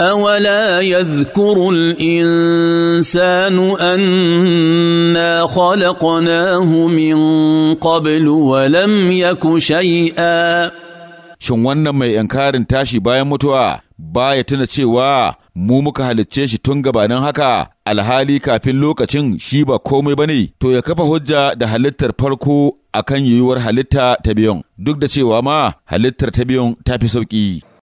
أولا يذكر الإنسان أنا خلقناه من قبل ولم يك شيئا Shin wannan mai ‘yankarin tashi bayan mutuwa ba ya tuna cewa mu muka halicce shi tun gabanin haka alhali kafin lokacin shi ba komai ba ne, to ya kafa hujja da halittar farko akan yiwuwar halitta ta biyun, duk da cewa ma halittar ta biyun ta fi sauƙi.